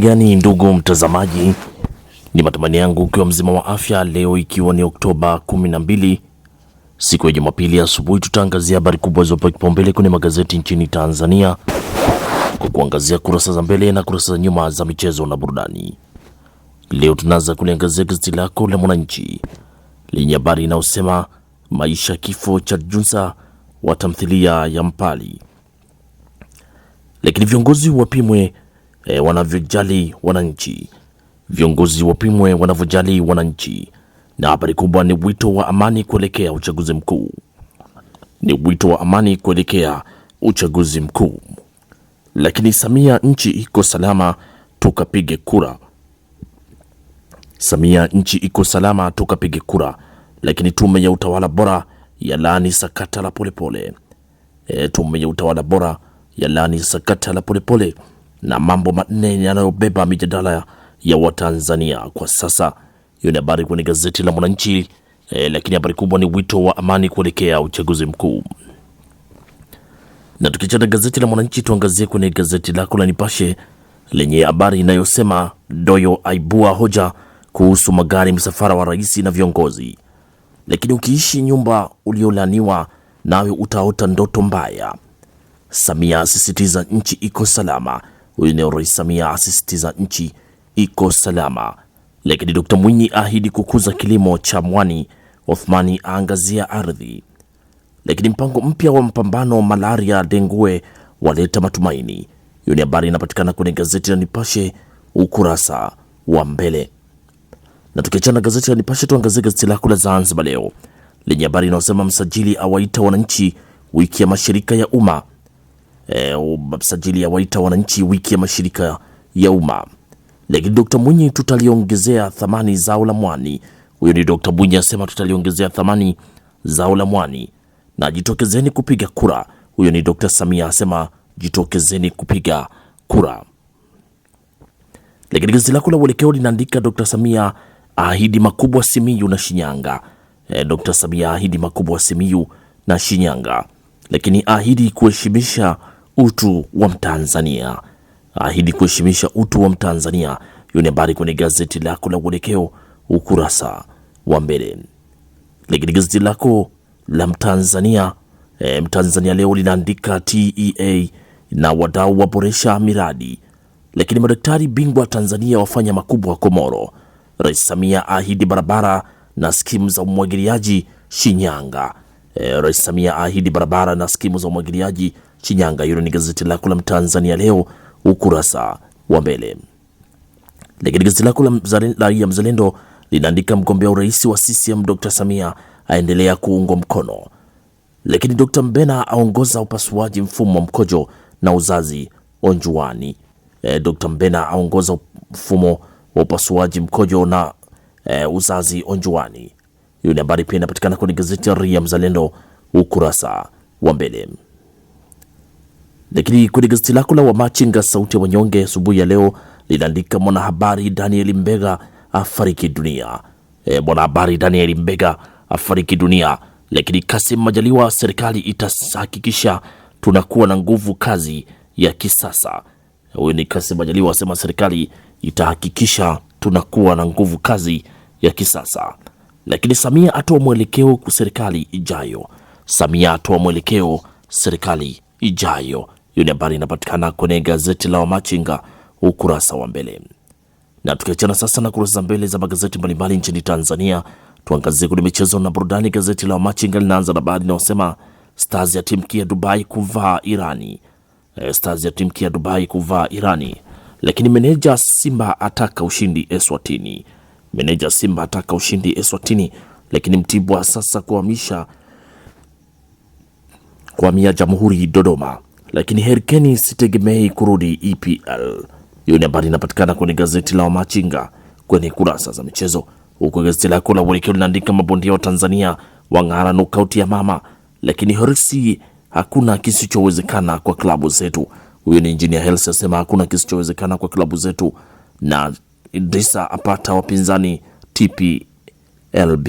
gani ndugu mtazamaji, ni matamani yangu ukiwa mzima wa afya. Leo ikiwa ni Oktoba 12 siku ya Jumapili asubuhi, tutaangazia habari kubwa zilizopewa kipaumbele kwenye magazeti nchini Tanzania kwa kuangazia kurasa za mbele na kurasa za nyuma za michezo na burudani. Leo tunaanza kuliangazia gazeti lako la Mwananchi lenye habari inayosema maisha kifo cha Junsa wa tamthilia ya Mpali, lakini viongozi wapimwe e, wanavyojali wananchi, viongozi wapimwe wanavyojali wananchi. Na habari kubwa ni wito wa amani kuelekea uchaguzi mkuu, ni wito wa amani kuelekea uchaguzi mkuu. Lakini Samia, nchi iko salama, tukapige kura. Samia, nchi iko salama, tukapige kura. Lakini tume ya utawala bora ya laani sakata la polepole pole. Eh, e, tume ya utawala bora ya laani sakata la polepole pole na mambo manne yanayobeba mijadala ya Watanzania kwa sasa. Hiyo ni habari kwenye gazeti la Mwananchi e, lakini habari kubwa ni wito wa amani kuelekea uchaguzi mkuu. Na tukichana gazeti la Mwananchi, tuangazie kwenye gazeti lako la Nipashe lenye habari inayosema Doyo aibua hoja kuhusu magari, msafara wa rais na viongozi. Lakini ukiishi nyumba uliolaniwa nawe utaota ndoto mbaya. Samia asisitiza nchi iko salama. Leo Rais Samia asisitiza nchi iko salama, lakini Dkt Mwinyi ahidi kukuza kilimo cha mwani. Othmani aangazia ardhi, lakini mpango mpya wa mpambano malaria dengue waleta matumaini. Hiyo ni habari inapatikana kwenye gazeti la Nipashe ukurasa wa mbele. Na tukiachana gazeti la Nipashe, tuangazie gazeti lako la Zanzibar Leo lenye habari inayosema msajili awaita wananchi wiki ya mashirika ya umma e, msajili ya waita wananchi wiki ya mashirika ya umma. Lakini Dr. Mwinyi tutaliongezea thamani zao la mwani. Huyo ni Dr. Mwinyi asema tutaliongezea thamani zao la mwani na jitokezeni kupiga kura. Huyo ni Dr. Samia asema jitokezeni kupiga kura. Lakini gazeti lako la Uelekeo linaandika Dr. Samia ahidi makubwa Simiyu na Shinyanga. E, Dr. Samia ahidi makubwa Simiyu na Shinyanga, lakini ahidi kuheshimisha utu wa Mtanzania, ahidi kuheshimisha utu wa Mtanzania. Hiyo ni habari kwenye gazeti lako la Uelekeo ukurasa wa mbele. Lakini gazeti lako la Mtanzania e, Mtanzania leo linaandika TEA na wadau waboresha miradi, lakini madaktari bingwa Tanzania wafanya makubwa wa Komoro. Rais Samia ahidi barabara na skimu za umwagiliaji Shinyanga. E, Rais Samia ahidi barabara na skimu za umwagiliaji Shinyanga. Hilo ni gazeti lako la Mtanzania leo ukurasa wa mbele. Lakini gazeti lako la Mzalendo linaandika mgombea urais wa CCM Dr. Samia aendelea kuungwa mkono, lakini Dr. Mbena aongoza upasuaji mfumo wa mkojo na uzazi Onjuani. E, eh, Dr. Mbena aongoza mfumo wa upasuaji mkojo na e, uzazi Onjuani. Hiyo ni habari pia inapatikana kwenye gazeti ya Mzalendo ukurasa wa mbele. Lakini kwenye gazeti lako la Wamachinga sauti ya wanyonge asubuhi ya leo linaandika mwanahabari Daniel Mbega afariki dunia. E, mwanahabari Daniel Mbega afariki dunia. Lakini Kasim Majaliwa, serikali itahakikisha tunakuwa na nguvu kazi ya kisasa. Huyu ni Kasim Majaliwa asema serikali itahakikisha tunakuwa na nguvu kazi ya kisasa. Lakini Samia atoa mwelekeo serikali ijayo. Samia atoa mwelekeo serikali ijayo. Hiyo ni habari inapatikana kwenye gazeti la Wamachinga ukurasa wa mbele. Na tukiachana sasa na kurasa za mbele za magazeti mbalimbali nchini Tanzania, tuangazie kwenye michezo na burudani. Gazeti la Wamachinga linaanza na habari inayosema Stars ya timu ya Dubai kuvaa Irani. Eh, Stars ya timu ya Dubai kuvaa Irani. Lakini meneja Simba ataka ushindi Eswatini. Meneja Simba ataka ushindi Eswatini, lakini Mtibwa sasa kuhamisha kuhamia Jamhuri Dodoma, lakini Herikeni sitegemei kurudi EPL. Hiyo ni habari inapatikana kwenye gazeti la Wamachinga kwenye kurasa za michezo, huku gazeti lako la Uelekeo linaandika mabondia wa Tanzania wang'ara nokauti ya mama, lakini Horisi hakuna kisichowezekana kwa klabu zetu. Huyo ni injinia Hersi asema hakuna kisichowezekana kwa klabu zetu, na Idrisa apata wapinzani TPLB.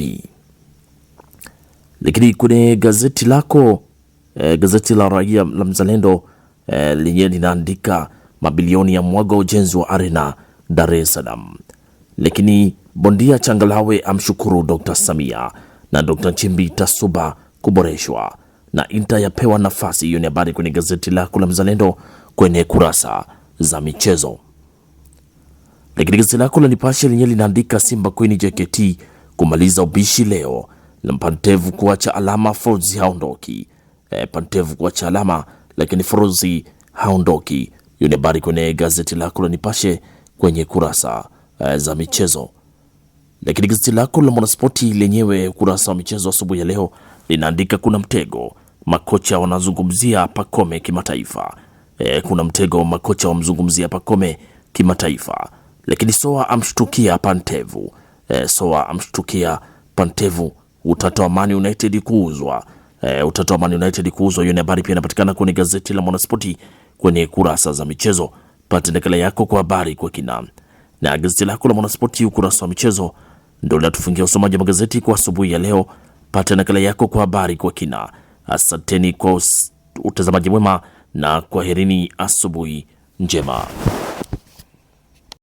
Lakini kwenye gazeti lako eh, gazeti la Raia la Mzalendo eh, lenyewe linaandika mabilioni ya mwaga ujenzi wa arena Dar es Salaam. Lakini bondia Changalawe amshukuru Dr. Samia na Dr. Chimbi Tasuba kuboreshwa na Inter yapewa nafasi. Hiyo ni habari kwenye gazeti lako la Mzalendo kwenye kurasa za michezo. Lakini gazeti lako la Nipashe lenyewe linaandika Simba Queen JKT kumaliza ubishi leo na Pantevu kuacha alama, Forzi haondoki. E, Pantevu kuacha alama lakini Forzi haondoki. Hiyo ni habari kwenye gazeti lako la Nipashe kwenye kurasa e, za michezo. Lakini gazeti lako la Mwanaspoti lenyewe kurasa wa michezo asubuhi ya leo linaandika kuna mtego makocha wanazungumzia Pakome kimataifa. E, kuna mtego makocha wamzungumzia Pakome kimataifa lakini Soa amshtukia Pantevu. E, Soa amshtukia Pantevu. Utata wa Man United kuuzwa. E, eh, utata wa Man United kuuzwa. Hiyo ni habari pia inapatikana kwenye gazeti la Mwanaspoti kwenye kurasa za michezo. Pata nakala yako kwa habari kwa kina. Na gazeti lako la Mwanaspoti ukurasa wa michezo ndio linatufungia usomaji wa magazeti kwa asubuhi ya leo. Pata nakala yako kwa habari kwa kina. Asanteni kwa utazamaji mwema na kwaherini, asubuhi njema.